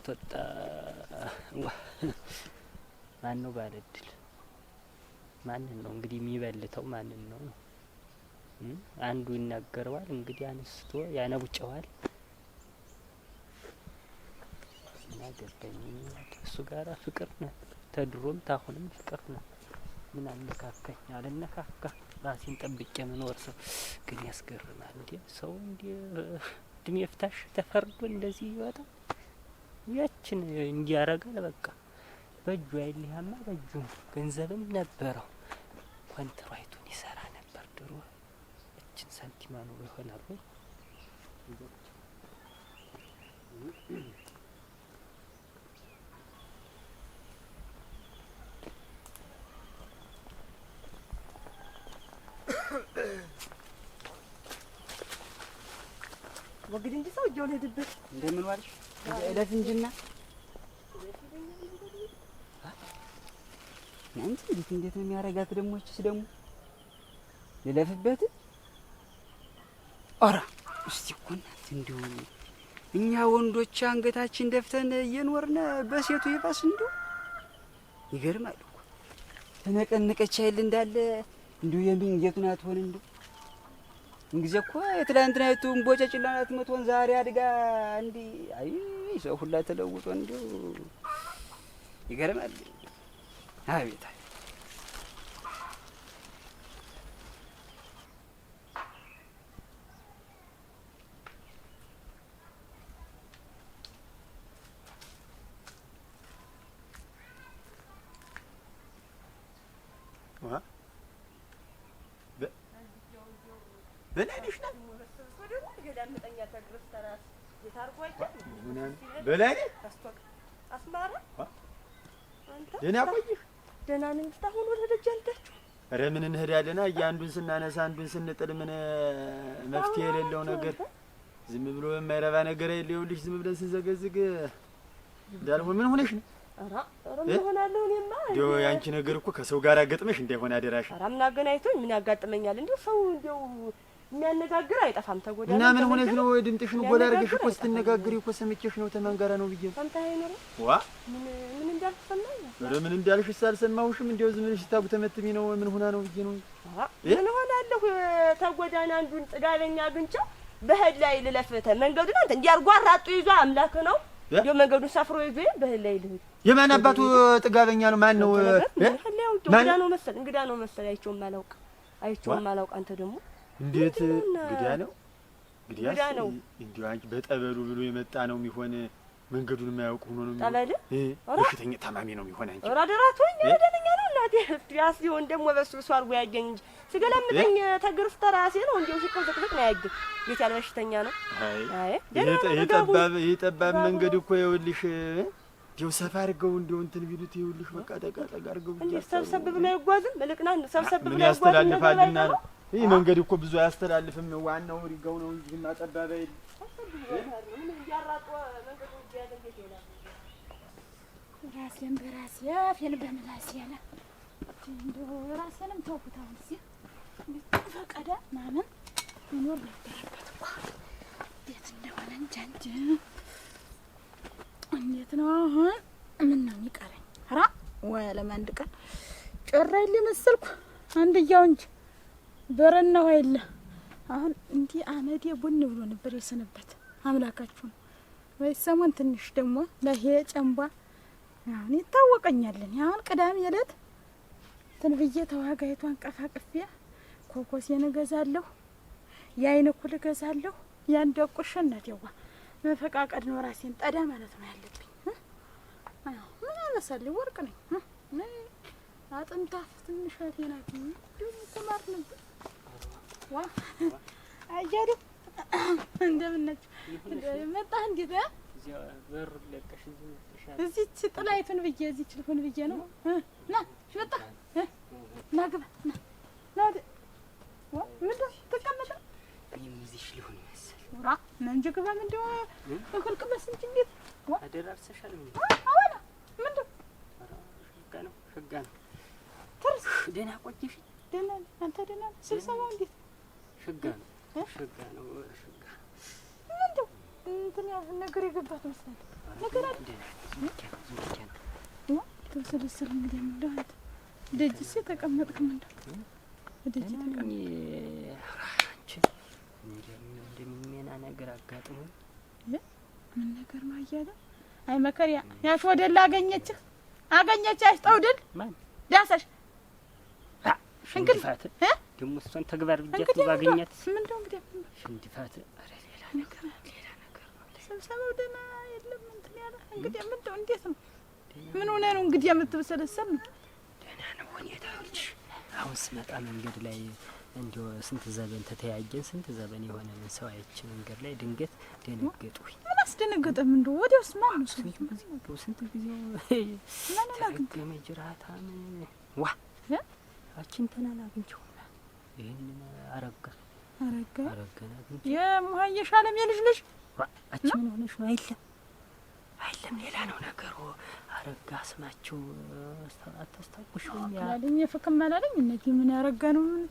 ያልተወጣ ማን ነው ባለድል? ማንን ነው እንግዲህ የሚበልተው? ማንን ነው አንዱ ይናገረዋል እንግዲህ አንስቶ ያነቡጨዋል። እና ገባኝ እሱ ጋራ ፍቅር ነው፣ ተድሮም ታሁንም ፍቅር ነው። ምን አነካካኝ? አልነካካ ራሴን ጠብቄ መኖር ሰው ግን ያስገርማል። እንዲ ሰው እንዲ እድሜ ፍታሽ ተፈርዶ እንደዚህ ይወጣል። ያችን እንዲያረጋል በቃ በእጁ አይልህማ በእጁ ገንዘብም ነበረው። ኮንትራይቱን ይሰራ ነበር ድሮ። እችን ሳንቲማ ነው ይሆናል ወግድ እንጂ ሰው እጃውን ሄድበት እንደምን ዋልሽ? ለፍንጅና አንቺ እንዴት እንዴት ነው የሚያደርጋት? ደግሞ ልለፍበት። ኧረ እስቲ እኮ እናት እንዲሁ እኛ ወንዶች አንገታችን ደፍተን እየኖርን በሴቱ ይባስ እንዲሁ ይገርማል እኮ ተነቀነቀች እንዳለ እንዲሁ የምን አትሆን እንዲሁ እንጊዜ እኮ የትላንትና የቱ መቶን ዛሬ አድጋ እንዲ አይ ሰው ሁላ ተለውጦ እንዲሁ ይገርማል። አቤት በላይ አስማራ ደህና ቆይህ? ደህና ነኝ። አሁን ወደ ደጅ አልዳችሁ? ኧረ ምን እንሄዳለና አንዱን ስናነሳ አንዱን ስንጥል ምን መፍትሄ የሌለው ነገር ዝም ብሎ የማይረባ ነገር የለ። ይኸውልሽ ዝም ብለን ስንዘገዝግ እንዳልሆነ ምን ሆነሽ ነው? እንዲያው የአንቺ ነገር እኮ ከሰው ጋር ገጥመሽ እንዳይሆን አደራሽ። ኧረ ምን አገናኝቶኝ ምን ያጋጥመኛል? እንዲያው ሰው እንዲያው የሚያነጋግር አይጠፋም። ተጎዳ እና ምን ሆነሽ ነው? ድምጥሽን ጎዳ አድርገሽ እኮ ስትነጋግሪ እኮ ሰምቼሽ ነው። ተመንገራ ነው ብዬ ሰምተህ አይኖርም ዋ ምን ምን እንዳልሽ ሰማኝ። ኧረ ምን እንዳልሽ አልሰማሁሽም። እንደው ዝም ብለሽ ታቡ ተመትሚ ነው። ምን ሆና ነው ብዬ ነው። ምን ሆናለሁ? ተጎዳና አንዱን ጥጋለኛ አግኝቼው በእህል ላይ ልለፍ። መንገዱን አንተ እንዲያርጓ አራጡ ይዞ አምላክ ነው እንዲያው መንገዱን ሰፍሮ ይዞ በእህል ላይ ልሂድ። የማን አባቱ ጥጋበኛ ነው? ማን ነው? እንግዳ ነው መሰል እንግዳ ነው መሰል። አይቼውም አላውቅ አይቼውም አላውቅ። አንተ ደግሞ እንዴት ግዲያ ነው ግዳ ነው እንዲሁ በጠበሉ ብሎ የመጣ ነው የሚሆን መንገዱን የማያውቅ ሆኖ ነው ጠበል በሽተኛ ታማሚ ነው የሚሆን አንቺ ራ ደራቶኝ ደነኛ ነው እናቴ ያስ ሊሆን ደግሞ በሱ ብሱ አድርጎ ያገኝ እንጂ ስገለምጠኝ ተግርፍ ተራሴ ነው እንዲሁ ሽቆ ዘቅዘቅ ነው ያገኝ ቤት ያለ በሽተኛ ነው ይህ ጠባብ መንገድ እኮ የውልሽ እንዲሁ ሰፋ አድርገው እንዲሁ እንትን ቢሉት ይኸውልሽ በቃ ጠቃ ጠቃ አድርገው ሰብሰብ ብሎ አይጓዝም መልቅና ሰብሰብ ብሎ አይጓዝም ያስተላልፋልና ነው ይህ መንገድ እኮ ብዙ አያስተላልፍም። ዋናው ሪጋው ነው እንጂ እና ጠባብ አይደል? ራሴን በራሴ አፌን በምላሴ ያለ ራሴንም ተውኩት። አሁን ፈቀደ ማመን መኖር ነበረበት እኮ እንዴት እንደሆነ እንጃ እንጂ እንዴት ነው አሁን? ምን ነው የሚቀረኝ? ኧረ አንድ ቀን መሰልኩ አንድያው እንጂ በረና ውሃ የለ። አሁን እንዲህ አመዴ ቡን ብሎ ነበር የሰነበት። አምላካችሁ ነው ወይ ሰሞን ትንሽ ደግሞ ለሄ ጨንቧ አሁን ይታወቀኛለን። አሁን ቅዳሜ ዕለት ትንብዬ ተዋጋይቷን ቀፋ ቅፊያ ኮኮሴን እገዛለሁ፣ የአይን ኩል እገዛለሁ። ያን ደቁሽ እናቴዋ መፈቃቀድ ነው ራሴን ጠዳ ማለት ነው ያለብኝ። ምን አነሳለሁ? ወርቅ ነኝ አጥንታ ትንሽ አቴናት ደሞ ኩማር ነበር አያዱ እንደምን ነች? መጣህ? እንዴት እዚች ጥላይቱን ብዬ እዚች ልሁን ብዬ ነው። ና ሽመጣ ና ግባ ና ና ምንድን ተቀመጠ እዚህ ልሁን መሰል ራ ና ግባ። ምንድን እኩል ቅመስ እንጂ እንዴት አደራርሰሻል? አወላ ምንድን ህጋ ነው ህጋ ነው። ደህና ቆየሽ? ደህና አንተ ደህና ስብሰባው እንዴት ሽጋ ነው ሽጋ ነው ሽጋ እንደው እንትን ያህል ነገር የገባት መስላል ነገር አለ እንግዲህ የምለው አንተ ደጅ ሴ ተቀመጥክ ምንድን ደጅ ተቀመጥክ አንቺ እንደሚሜና ነገር አጋጥሞኝ ምን ነገር ማያለ አይ መከሪያ ያሽ ወደላ አገኘችህ አገኘች ያሽ ጠውድል ዳሰሽ ሽንግልፋት ደግሞ እሷን ተግባር ብያት ባገኛት ምንድነው እንግዲህ ሽንድፋት ሌላ ነገር ሌላ ነገር ስብሰባው ደህና የለም እንትን ያለ እንግዲህ ምንድነው እንዴት ነው ምን ሆነ ነው እንግዲህ የምትብሰለሰብ ደህና ነው ሁኔታዎች አሁን ስመጣ መንገድ ላይ እንዲሁ ስንት ዘበን ተተያየን ስንት ዘበን የሆነ ምን ሰው አይቼ መንገድ ላይ ድንገት ደነገጥኩኝ ምን አስደነገጠም እንደ ወዲያውስ ማን ነው ስንት ጊዜው ማን ጅራታ ምን ዋ አችን ተናን አግኝቼውና ይህንን አረጋ አረጋ አረጋን የሙሀየሽ አለም የልጅ ልጅ አችን ሆነሽ ነው አይለም አይለም ሌላ ነው ነገሩ። አረጋ ስማቸው አታስታውሽም? ያለኝ የፍቅም አላለኝ እነዚህ ምን ያረጋ ነው ምን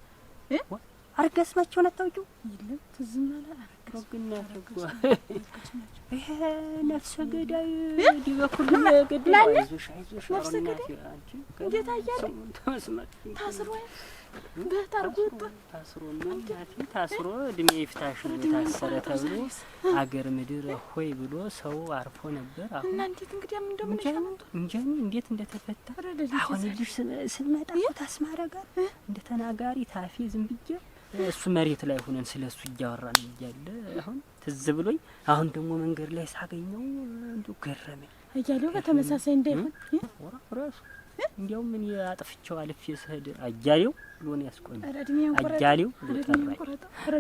አርገስ ናቸው ነታውቂው የለም ትዝም አለ ይሄ ነፍሰ ገዳይ ዲበኩል ገዳይ ነፍሰ ገዳይ እንዴት አያለ ታስሮ በታርጉት ታስሮ ታስሮ እድሜ ይፍታሽ ነው የታሰረ ተብሎ አገር ምድር ሆይ ብሎ ሰው አርፎ ነበር። አሁን እናንተት እንግዲህ ምን እንደምን እንጃ እንዴት እንደተፈታ አሁን ልጅ ስመጣ ታስማረ ጋር እንደ ተናጋሪ ታፌ ዝም ብዬ እሱ መሬት ላይ ሆነን ስለ እሱ እያወራን እያለ አሁን ትዝ ብሎኝ አሁን ደግሞ መንገድ ላይ ሳገኘው እንዲሁ ገረመኝ እያለው በተመሳሳይ እንዳይሆን ራሱ እንዲያውም እኔ አጥፍቼው አልፌ ስሄድ አያሌው ብሎን ያስቆኝ አያሌው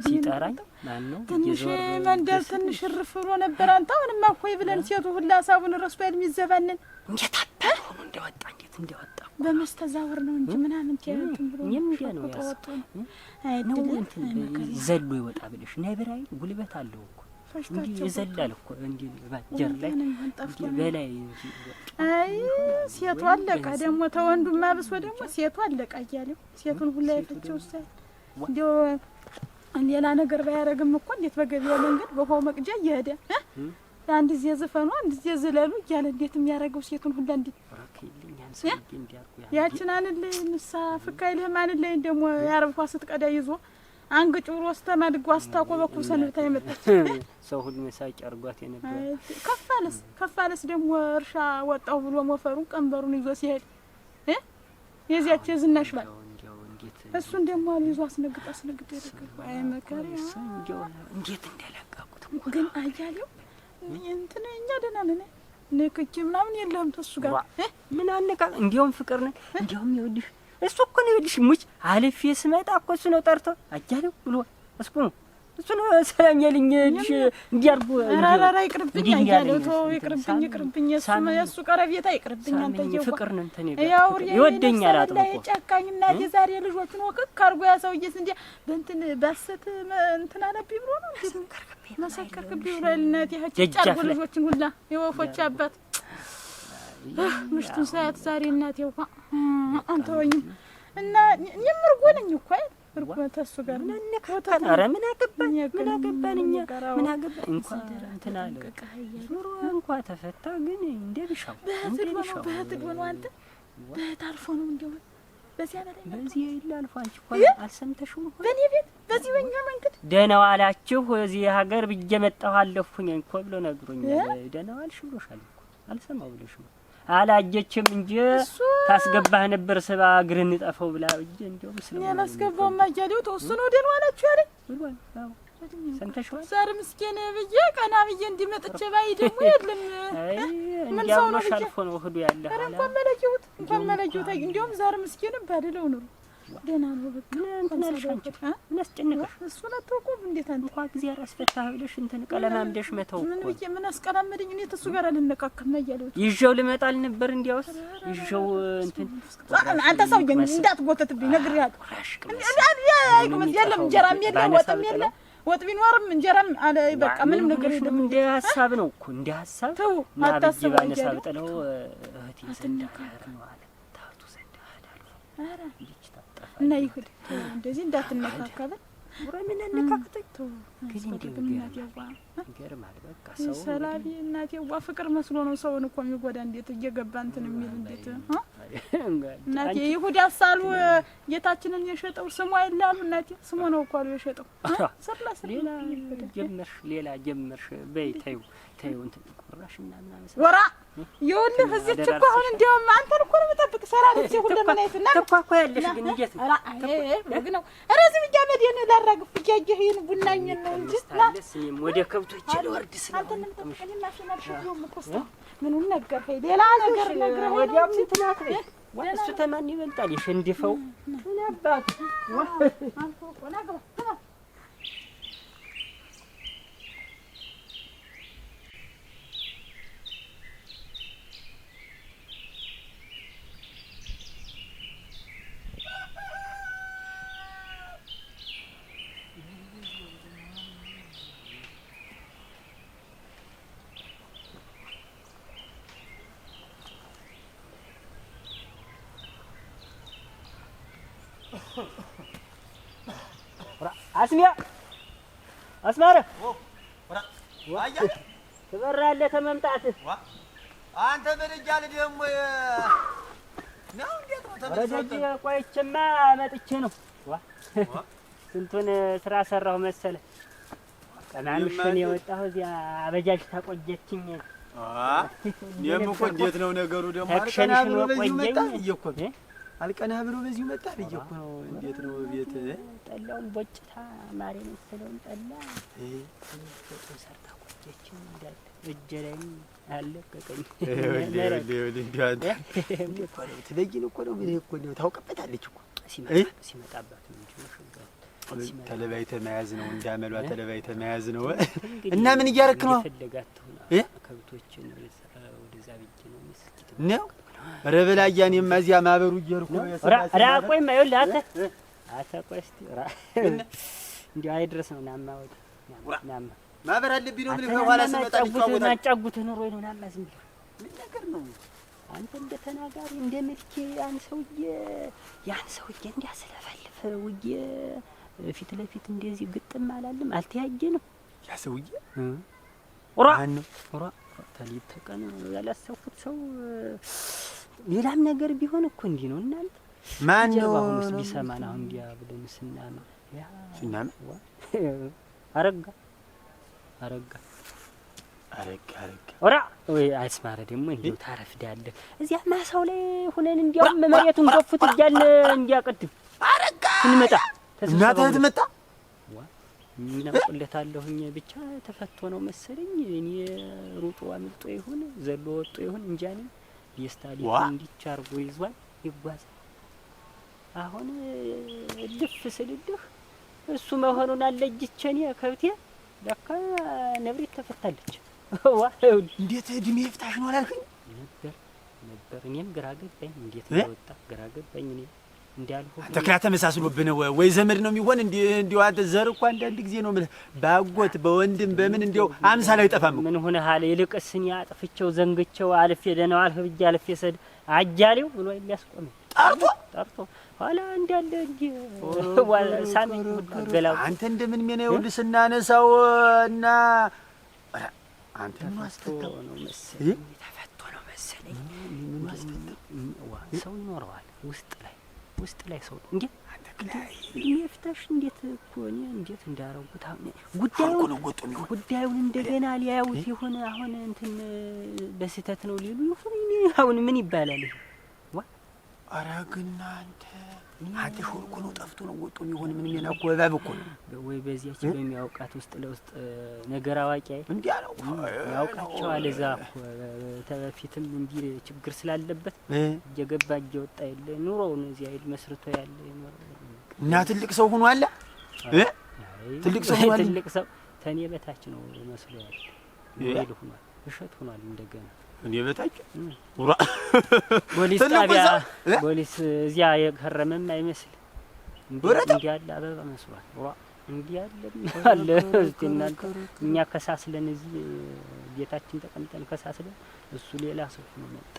ሲጠራኝ ማን ትንሽ መንደር ትንሽ ርፍ ነበር። አንተ አሁንማ ብለን ሴቱ ሁላ ሀሳቡን ያል የሚዘባንን እንዳወጣ እንዴት እንዳወጣ በመስተዛውር ነው እንጂ ምናምን ያሉትን ብሎ እንዲያ ነው ነው እንትን ዘሎ ይወጣ ብለሽ ነብራይ ጉልበት አለው እኮ እንዲህ ይዘላል እኮ እንዲህ ባጀር ላይ በላይ እንጂ አይ ሴቱ አለቃ ደግሞ ተወንዱማ ብሶ ደግሞ ሴቱ አለቃ እያለው ሴቱን ሁላ የፈቸው ውስጥ እንዲያው ሌላ ነገር ባያደርግም እኮ እንዴት በገበያ መንገድ በውሃው መቅጃ እየሄደ አንድ ዜ ዝፈኑ አንድ ዜ ዝለሉ እያለ እንዴት የሚያደርገው ሴቱን ሁላ እንዴት ያችን አንለይ ምሳ ፍካ ይልህም አንለይ ደግሞ ያረብኳ ስትቀዳ ይዞ አንግጭ ብሎ ስተ ማድጓ ስታቆበኩ ሰንብታ የመጣች ሰው ሁሉ መሳጭ አርጓት የነበረ ከፋለስ ከፋለስ ደግሞ እርሻ ወጣው ብሎ ሞፈሩን ቀንበሩን ይዞ ሲሄድ የዚያች የዝናሽ ባል እሱን ደግሞ ይዞ አስነግጥ አስነግጥ ያደረገ አይ መከሪያ እንዴት እንደለቀቁት ግን አያሌው እንትን እኛ ደህና ነን። ንክኪ ምናምን የለህም ተሱ ጋር ምን አነቃ። እንዲያውም ፍቅር ነን። እንዲያውም ይኸውልሽ እሱ እኮ ነው ይኸውልሽ ሙች አልፌ ስመጣ እኮ እሱ ነው ጠርቶ አያሌው ብሎ አስቆሞ እሱን ሰላም እንዲያርጉ ራራራ ይቅርብኝ፣ ይቅርብኝ፣ ይቅርብኝ፣ እሱ የእሱ ቀረቤታ ይቅርብኝ። አንተየው ፍቅር ያው ይወደኛል። አጥብቆ ጨካኝ እና የዛሬ ልጆቹን ያ ሰውዬስ በእንትን እንትን ብሎ ነው ጫርጎ ልጆችን ሁላ የወፎች አባት ምሽቱን ሰዓት ዛሬ እናቴ ውሃ አንተወኝም እና የምርጎ ነኝ እኮ አይደል እርጓተሱ ጋር ምን ኧረ ምን ምን አገባን? እኛ ምን እንኳ ኑሮ እንኳ ተፈታ። ግን እንደ ብሻው አንተ አልፎ ነው በዚያ በላይ በዚህ የለ አልፎ። አንቺ እኮ አልሰምተሽም? በእኔ ቤት በዚህ መንገድ ደህና ዋላችሁ እዚህ ሀገር ብዬ መጣሁ አለፉኝ እኮ ብሎ ነግሮኛል። ደህና ዋልሽ ብሎሻል እኮ አልሰማው ብሎሽ ነው አላየችም እንጂ ታስገባህ ነበር ስባ እግርህን ጠፈው ብላ እንጂ እንደውም ስለ ያላስገባው ማጃዴው ተወስኖ ደን ዋላችሁ ያለኝ ሰምተሽዋል። ዛሬ ምስኪን ብዬ ቀና ብዬ እንዲመጥች ባይ ደግሞ የለም ምን ሰው ነው ብዬ ነው እህዱ ያለ እንኳን መለኪሁት እንኳን መለኪሁት። እንደውም ዛሬ ምስኪን ባደለው ኑሮ ደህና ነው። በቃ እንትን አለሽ አንቺ ምን አስጨነቀሽ? እሱን አታውቁም። ይዤው ልመጣ አልነበር እንዲያውስ ይዤው እንትን አንተ ሰውዬ እንዳትጎተትብኝ ነግሬሃለሁ። የለም እንጀራም የለም ወጥም የለም ወጥ ቢኖርም እንጀራም አለ። በቃ ምንም ነገር የለም። እንደ ሀሳብ ነው እኮ እንደ ሀሳብ ተው አታስብ። ጥለው እህቴ ዘንድ ታቱ ዘንድ አለ እና ይሁድ እንደዚህ እንዳትነካከበን ምን ሰላቢ እናቴ ፍቅር መስሎ ነው ሰውን እኮ የሚጎዳ። እንዴት እየገባ እንትን የሚል እንዴት እናቴ ይሁድ ያሳሉ ጌታችንን የሸጠው ስሙ አይላሉ እናቴ ስሙ ነው እኮ አሉ የሸጠው። ስላ ስላ ጀመርሽ ሌላ ጀመርሽ። በይ ተይው ተይው እንትን ቁራሽ እና ወራ ይኸውልህ እዚህ እኮ አሁን እንዲያውም አንተን እኮ ነው የምጠብቅ። ሰላም ጊዜ ሁሉ ለመናየት እና እኮ ግን እንዴት ነው? ኧረ ዝም ብዬሽ አመዴን ላራግፍ እያየህ ይሄን ቡናኝን ነው እንጂ እና ወደ ከብቶች ልወርድ ስለሆነ ምኑን ነገርኸኝ? ሌላ ነገር ነግረኸኝ ወዲያውም እንትን አትበይ። እሱ ተማን ይበልጣል የሸንድፈው ምን አባቱ አስሚያ አስማረ ትበራለህ ከመምጣትህ አንተ በደጃል ደግሞ ነው። እንዴት ቆይቼማ መጥቼ ነው። ስንቱን ስራ ሰራሁ መሰለ ቀናምሽን የወጣሁ እዚያ አበጃጅ ታቆየችኝ። እኔም እኮ እንዴት ነው ነገሩ ደግሞ አልቀናም ቆየኝ አልቀና ብሎ በዚሁ መጣ ብዬ እኮ ነው። እንዴት ነው ቤት ጠላውን ቦጭታ ማሪ መሰለውን ጠላ ጦ ሰርታ ቆየች እንዳለ እጄ ላይ አለ በቀኝ ትበይን እኮ ነው ምን እኮ ነው ታውቅበታለች እኮ ሲመጣባት ነው ተለባይተ መያዝ ነው እንዳመሏ ተለባይተ መያዝ ነው። እና ምን እያረክ ነው? ከብቶችን ወደዛ ብዬ ነው ነው ረበላያን የማዚያ ማበሩ እየርኩ ራ ማየው ላተ አተ ራ እንዴ አይድረስ ነው ናማ ወጥ ናማ ማበር አለብኝ ነው ብለህ ከኋላ ስመጣ ሊጫወት ማጫጉት ኑሮ ነው ናማ ዝም ብለህ ምን ነገር ነው አንተ እንደ ተናጋሪ እንደ ምልኬ ያን ሰውዬ ያን ሰውዬ እንዲያ ስለፈልፍ ውዬ ፊት ለፊት እንደዚህ ግጥም አላለም አልተያየንም ያ ሰውዬ ራ ራ ተሊት ያላሰብኩት ሰው ሌላም ነገር ቢሆን እኮ እንዲህ ነው እናንተ። ማን ነው አሁንስ ቢሰማን አሁን እንዲያ ብለን ስናማ ስናማ አረጋ አረጋ አረጋ አረጋ ወራ ወይ አስማረ ደግሞ እንዲሁ ታረፍዳለህ። እዚያ ማሳው ላይ ሁነን እንዲያውም መሬቱን ገፉት እያለ እንዲያቀድም አረጋ ስንመጣ እናትህ ትመጣ እናቆለታለሁኝ ብቻ ተፈቶ ነው መሰለኝ እኔ ሩጦ አምልጦ ይሁን ዘሎ ወጦ ይሁን እንጃ ነኝ ፌስታል እንዲች አርጎ ይዟል ይጓዛል። አሁን ልፍ ስልልህ እሱ መሆኑን አለጅቼ እኔ ከብቴ ለካ ነብሬት ተፈታለች። ዋ እንዴት እድሜ ይፍታሽ ነው አላልኩኝ ነበር ነበር። እኔም ግራ ገባኝ፣ እንዴት ወጣ ግራ ገባኝ እኔ ተክላ ተመሳስሎብን ወይ ዘመድ ነው የሚሆን። እንዲያው አንተ ዘር እኮ አንዳንድ ጊዜ ነው ባጎት በወንድም በምን እንዲያው አምሳል አይጠፋም። ምን ሆነሃል? ይልቅስ እኔ አጥፍቼው ዘንግቼው አልፌ ደህናው አልፍ ብዬ አልፌ ሰድ አጃሌው ብሎ የሚያስቆም ጠርቶ ጠርቶ ኋላ እንዳለ ሳሚገላ አንተ እንደምን ሜና ይውል ስናነሳው እና አንተ ምን አስፈታው ነው መሰለኝ ተፈቶ ነው መሰለኝ ሰው ይኖረዋል ውስጥ ላይ ውስጥ ላይ ሰው እንዴ ይፍታሽ እንዴት እኮ እኔ እንዴት እንዳረጉት ጉዳዩን ጉዳዩን እንደገና ሊያዩት ይሁን አሁን እንትን በስህተት ነው ሊሉ ይሁን አሁን ምን ይባላል? ይሄ ዋ ኧረ አንተ ሀዲሽ ወርቁ ነው ጠፍቶ ነው ወጡ የሚሆን ምን ሜና እባብ እኮ ነው ወይ በዚያች በሚያውቃት ውስጥ ለውስጥ ነገር አዋቂ አይ እንዲያ ነው ያውቃቸዋል። እዛ እኮ እንዲህ ችግር ስላለበት እየገባ እየወጣ የለ ኑሮውን እዚያ ሄድ መስርቶ ያለ እና ትልቅ ሰው ሆኖ አለ ትልቅ ሰው ሆኖ አለ። ትልቅ ሰው ተኔ በታች ነው መስሎ ያለ ሆኗል። እሸት ሆኗል እንደገና እኔ በታች ውራ ፖሊስ ጣቢያ ፖሊስ እዚያ የከረመም አይመስል እንዲህ ያለ አበባ መስሏል። ውራ እንዲህ አለ እናንተ እኛ ከሳስለን እዚህ ቤታችን ተቀምጠን ከሳስለን እሱ ሌላ ሰው ሆኖ መጣ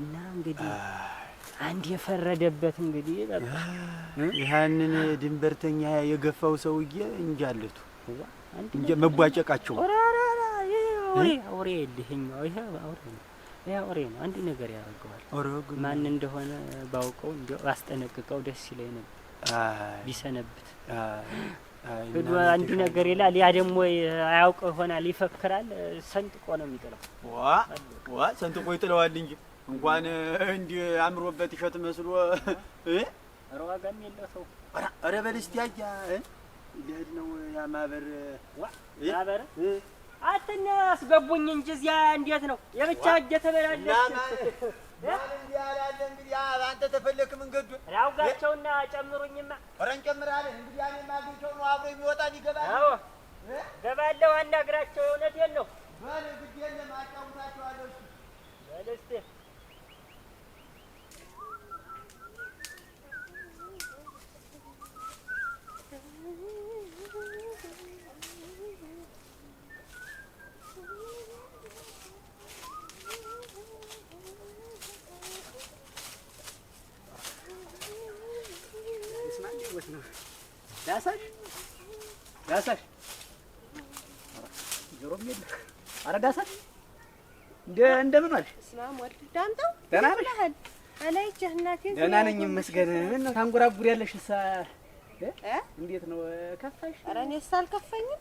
እና እንግዲህ አንድ የፈረደበት እንግዲህ በቃ ያንን ድንበርተኛ የገፋው ሰውዬ እንጃለቱ እንጃ መቧጨቃቸው አውሬ አውሬ ይኸኛው ይሄ አውሬ ነው። ይሄ አውሬ ነው። አንድ ነገር ያደርገዋል። ማን እንደሆነ ባውቀው እንዲያው ባስጠነቅቀው ደስ ይለኝ ነበር ቢሰነብት አንድ ነገር ይላል። ያ ደግሞ አያውቅ ይሆናል፣ ይፈክራል። ሰንጥቆ ነው የሚጥለው። ዋ ሰንጥቆ ይጥለዋል እንጂ እንኳን እንዲህ አምሮበት እሸት መስሎ ኧረ ዋጋም ሰው። ኧረ በል ነው ያ ማህበር አትና አስገቡኝ እንጂ እዚያ እንዴት ነው የብቻ እጀ ተበላለች። አንተ ተፈለክ መንገዱ ላውጋቸውና ጨምሩኝማ። ኧረ እንጨምራለን እንግዲህ ማግኝቸው ነው አብሮ የሚወጣ ሊገባ ገባለሁ። አናግራቸው እውነቴን ነው። በል ግድ የለም አጫውታቸዋለሁ። በል ዳሳሽ ዳሳሽ ጆሮም የለ። ኧረ ዳሳሽ እንደ እንደምን ዋልሽ? ዳምጠው ደህና ነሽ? አላይቼህ እናቴ ደህና ነኝ ይመስገን። ምን ነው ታንጎራጉሪያለሽ? እሳ እንዴት ነው ከፋሽ? ኧረ እኔስ አልከፋኝም።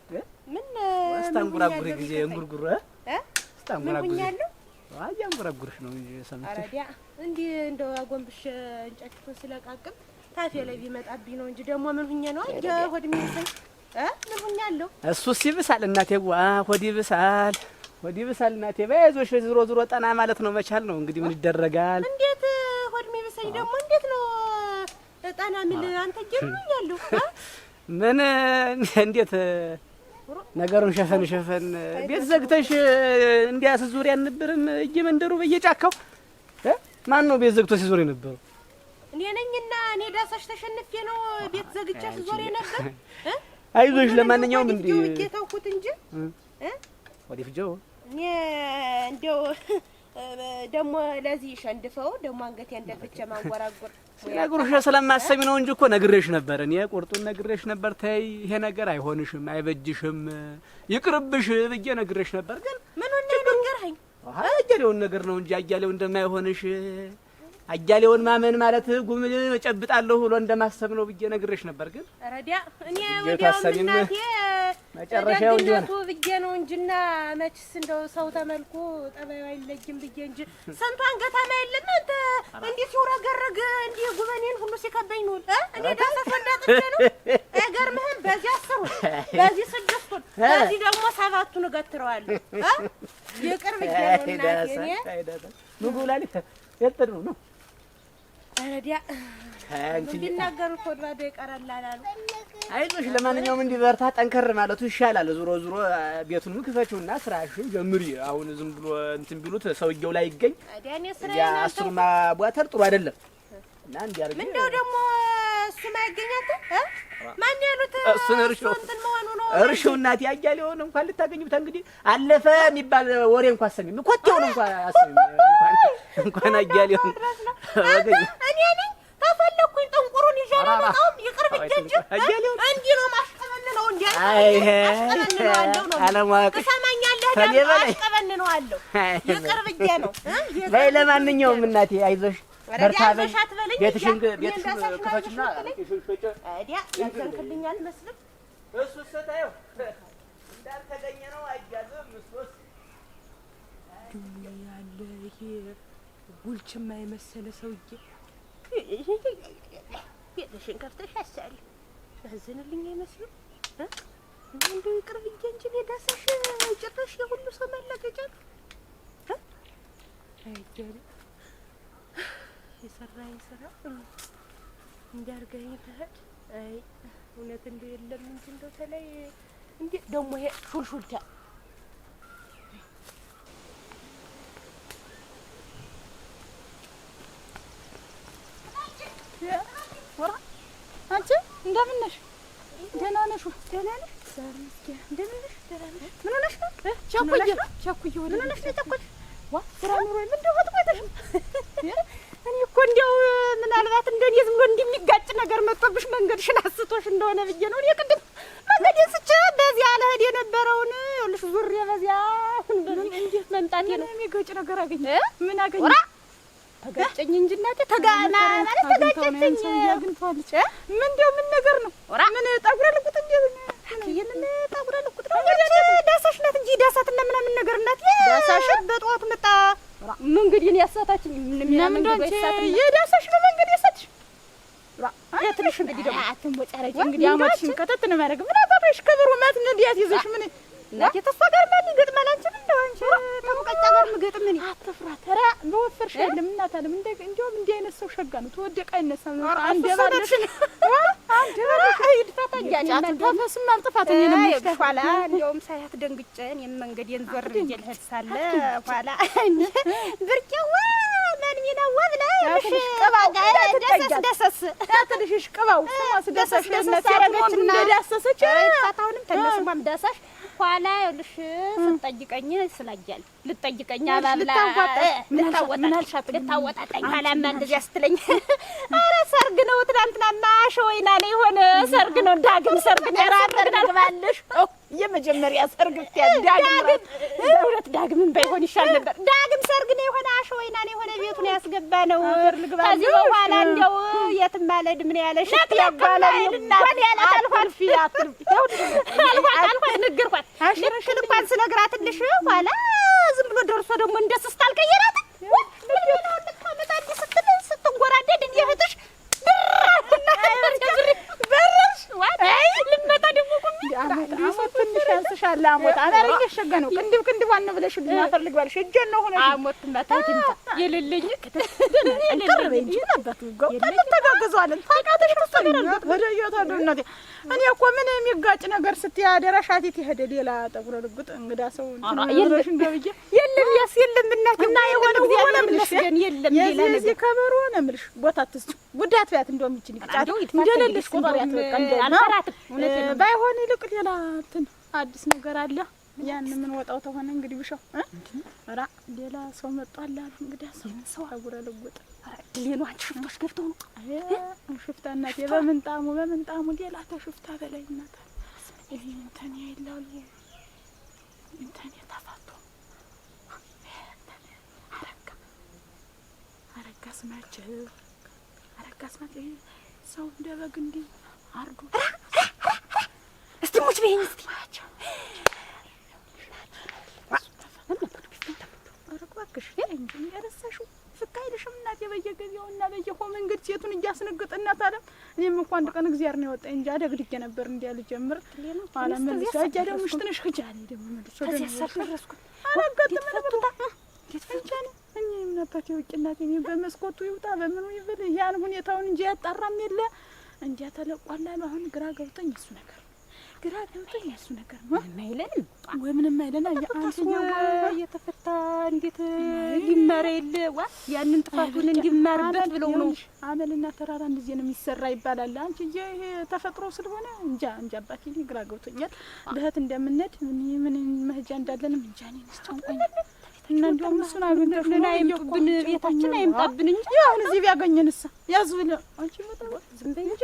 ምን ስታንጎራጉሪ ጊዜ እንጉርጉር ስታንጎራጉሪ አይ አንጎራጉርሽ ነው እንጂ ሰምቼ ኧረ እንዲህ እንደው አጎንብሽ እንጨት ስለቃቅም ታፌ ላይ ቢመጣብኝ ነው እንጂ ደግሞ ምን ሁኜ ነው የሆድ ሚስን ምን ሁኜ አለሁ። እሱስ ይብሳል እናቴ፣ ሆድ ይብሳል፣ ሆድ ይብሳል እናቴ። በያዞሽ ዝሮ ዝሮ ጠና ማለት ነው መቻል ነው እንግዲህ። ምን ይደረጋል? እንዴት ሆድ ሚብሰኝ ደግሞ እንዴት ነው ጠና ምን? አንተ ጀምኛለሁ። ምን እንዴት ነገሩን ሸፈን ሸፈን ቤት ዘግተሽ እንዲያ ስዙሪያ አንብርም እየመንደሩ በየጫካው ማን ነው ቤት ዘግቶ ሲዞር የነበረው? እኔ ነኝና እኔ ዳሳሽ ተሸንፌ ነው ቤት ዘግቻሽ ዞሬ ነበር። አይዞሽ፣ ለማንኛውም እንጂ እኔ እንደው ደግሞ ለዚህ ሸንድፈው ደግሞ አንገቴ እንደፍቼ ማንጎራጉር ነው እንጂ እኮ ነግሬሽ ነበር። እኔ ቁርጡን ነግሬሽ ነበር። ተይ ይሄ ነገር አይሆንሽም፣ አይበጅሽም፣ ይቅርብሽ ብዬ ነግሬሽ ነበር። ግን አያሌውን ነገር ነው እንጂ አያሌው እንደማይሆንሽ አያሌውን ማመን ማለት ጉምል እጨብጣለሁ ብሎ እንደማሰብ ነው ብዬ ነግሬሽ ነበር። ግን ረዲያ እኔ ወዲያው እናቴ መጨረሻው እንዲሆነ ብዬ ነው እንጂና መችስ እንደው ሰው ተመልኩ ጠባዩ አይለይም ብዬ እንጂ ስንቱ አንገታማ የለም። አንተ እንዲህ ሲውረገረግ እንዲህ ጉበኔን ሁሉ ሲከበኝ ነው እኔ ደስ ወዳጥቼ ነው አይገርምህም? በዚህ አስሩን በዚህ ስድስቱን በዚህ ደግሞ ሰባቱን እገትረዋለሁ። ይቅር ብዬ ነው እናቴ እኔ ምግብ ላሊት የጥሩ ነው እንዲናገሩ ኮድባዶ ይቀራል አላሉ። አይዞሽ፣ ለማንኛውም እንዲበርታ ጠንከር ማለቱ ይሻላል። ዙሮ ዙሮ ቤቱንም ክፈችውና ስራሽን ጀምሪ። አሁን ዝም ብሎ እንትን ቢሉት ሰውየው ላይ ይገኝ አስሩ ማቧተር ጥሩ አይደለም እና እንዲያርግ ምንደው ደግሞ እሱ ማይገኛት ማን ያሉት? እሱን እርሺው እርሺው የሆነ እንኳን እንግዲህ አለፈ የሚባል ወሬ እንኳን ሰሚም እኮ ነው እንኳን አሰሚ እንኳን አያሌው እኔ ነኝ ተፈለኩኝ ጥንቁሩን ይዣላ ነው ይቅርብ እንጂ እንዲህ ነው ማሽቀበንነው እንዴ? አይ ደግሞ አሽቀበንነዋለሁ ይቅርብ ነው በይ። ለማንኛውም እናቴ አይዞሽ በርታ በይ ቤትሽን ቤትሽን ክፈችና ያዘንክልኛል መስልም እሱ ስታየው እንዳልተገኘ ነው። አያዘም ምስሎስ ያለ ይሄ ጉልችማ የመሰለ ሰውዬ ቤትሽን ከፍተሽ አሳሪ ያዘንልኝ አይመስልም። እንደው ይቅር ብዬሽ እንጂ እኔ ጭራሽ የሁሉ ሰው ማላገጫ ነው። የሰራኝ ስራ እንዲያርገህ ይፈህድ አይ እውነት እንደ የለም እንጂ እንደው ተለይ እንዴ ደግሞ ይሄ ሹልሹልታ አንቺ እንደምን ነሽ? ደህና ነሽ? ደህና ነሽ? ምን ሆነሽ ነው? ቸኩዬ ቸኩዬ ምን ሆነሽ ነው? ዋ ስራ ኑሮ ምን ደው መንገድሽን አስቶሽ እንደሆነ ብዬ ነው። እኔ ቅድም መንገድ ስቼ በዚያ ለህድ የነበረውን ልሽ ዙሬ በዚያ አሁን መምጣቴ ነው። የሚገጭ ነገር አገኘ ምን አገኘ? ተጋጨኝ እንጂ እናቴ ተጋ ማለት ተጋጨችኝ። አግኝተዋለች። ምን እንደው ምን ነገር ነው? ምን ጠጉረ ልቁት እንዲ ይህንን ጠጉረ ልቁት ነው ዳሳሽ ናት እንጂ ዳሳት ዳሳትና ምናምን ነገር እናት ዳሳሽ በጠዋቱ መጣ መንገድ ያሳታችኝ ምንም የዳሳሽ ነው ትንሽ እንግዲህ ደግሞ አትንቦጫረቂ። እንግዲህ አሞትሽን ከተት ነው የሚያደርግ። ምን አባባሽ ከብሩ ማት ነው እንዲያት ይዘሽ ምን እናቴ ተስፋ ጋር ማ ሊገጥማል? አንቺን እንደው አንቺ ተሙቀጫ ጋር ምገጥም እኔ አትፍራ። ተራ በወፈርሽ የለም እናት እንደ እንዲያውም እንዲህ አይነት ሰው ሸጋ ነው። ተወደቀ አይነሳም አንድ ባለሽ አንድ ባለሽ አይድ ታታያጫ ተፈስም አልጥፋት እኔ ነው ኋላ እንዲያውም ሳያት ደንግጬ እኔም መንገዴን ዞር ልሄድ ሳለ ኋላ ብርቄዋ ደሰስ ደሰስ ኋላ ይኸውልሽ ስጠይቀኝ ስላያል ልጠይቀኝ አባብላ ልታወጣጠኝ አላማ እንደዚያ ስትለኝ፣ ኧረ ሰርግ ነው ትናንትናና ሸወይና ነው የሆነ ሰርግ ነው ዳግም ሰርግ ነው ራርግናልባለሽ የመጀመሪያ ሰርግ ዳግም ሁለት ዳግምን ባይሆን ይሻል ነበር። ዳግም ሰርግ ነው የሆነ አሸወይና ነው የሆነ ቤቱን ያስገባ ነው። ከዚህ በኋላ እንዲያው የትም አልሄድም ነው ያለሽ ያባላል አትልፊ አትልፊ ነገርኳት። ልክ ልኳን ስነግራት ትንሽ ኋላ ዝም ብሎ ደርሶ ደግሞ እንደ ስስት አልቀየራትም። ስትንጎራደድ እህትሽ ነው እኔ እኮ ምን የሚጋጭ ነገር ስትይ አደራ ሻቲት የሄደ ሌላ ጠጉረ ልግጥ እንግዳ ሰው የለም ያስ የለም እናት እና የሆነ ሆነ ምልሽ የለም የዚህ ከበሮ ሆነ ምልሽ ቦታ አትስጭ ጉዳት ቢያት እንደውም ይችን ይቅጫት እንደሌለሽ ቁጠሪያት በቃ እንደ ባይሆን ይልቅ ሌላ እንትን አዲስ ነገር አለ ያን ምን ወጣው ተሆነ እንግዲህ ብሻው ራ ሌላ ሰው መጧል አሉ እንግዲህ ሰው አጉረ ልግጥ እድሌ ነው። አንቺ ሽፍቶች ገብተው ነው ሽፍታ እናቴ፣ በምንጣሙ በምንጣሙ ሌላ ተሽፍታ በላይ እናት እንትን የለው እንትን ተፋቶ አረጋ አረጋ ስማች አረጋ ስማች ሰው እንደ በግ እንዲህ አርዶ እስቲ ሙች በይኝ እስቲ እባክሽ እንጂ የረሳሽው ፍካ አይልሽም እናቴ እና በየሆነ መንገድ ሴቱን እያስነግጥናት አለ። እኔም እንኳ አንድ ቀን እግዚአብሔር ነው የወጣኝ እንጂ አደግድጌ ነበር እንዲያ ልጀምር አለመልሻ እጃ ደግሞሽ ትንሽ ክጃ ለ ደግሞ መልሶ አላጋጥመ ብታእንቻኔ እኔ ምናባቴ ውጭ እናቴ በመስኮቱ ይውጣ በምኑ ይብል ያን ሁኔታውን እንጂ ያጣራም የለ እንዲያ ተለቋላሉ። አሁን ግራ ገብቶኝ እሱ ነገር ግራ ገብቶኝ የእሱ ነገር ነው። ምንም አይለንም ወይ ምንም አይለና አንተኛው እየተፈታ እንዴት ሊመራ የለ ዋ ያንን ጥፋቱን እንዲማርበት ብለው ነው። አመልና ተራራ እንደዚህ ነው የሚሰራ ይባላል። አንቺ ይሄ ተፈጥሮ ስለሆነ እንጃ እንጃ አባቴ ግራ ገብቶኛል። በእህት እንደምንሄድ ምን መሄጃ እንዳለንም እንጃ እኔ አስጨንቆኝ እና እንደውም እሱን አግኝተሽው አይምጡብን ቤታችን አይምጣብን እንጂ አሁን እዚህ ቢያገኘንሳ ያዝብለ አንቺ ዝም በይ እንጂ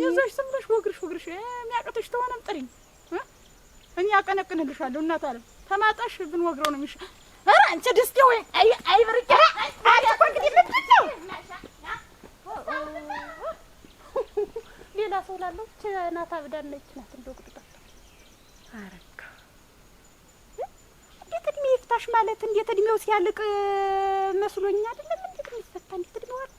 ይዞሽ ዝም ብለሽ ወግርሽ ወግርሽ የሚያቅትሽ ተሆነም ጥሪኝ፣ እኔ አቀነቅንልሻለሁ። እናት አለም ተማጣሽ ብንወግረው ነው የሚሻ ሌላ ሰው ላለው ናታ ብዳን ናት እንደው እንዴት እድሜ ይፍታሽ ማለት እንዴት እድሜው ሲያልቅ መስሎኝ አይደለም። እንዴት እድሜ እንዴት እድሜው አልኩ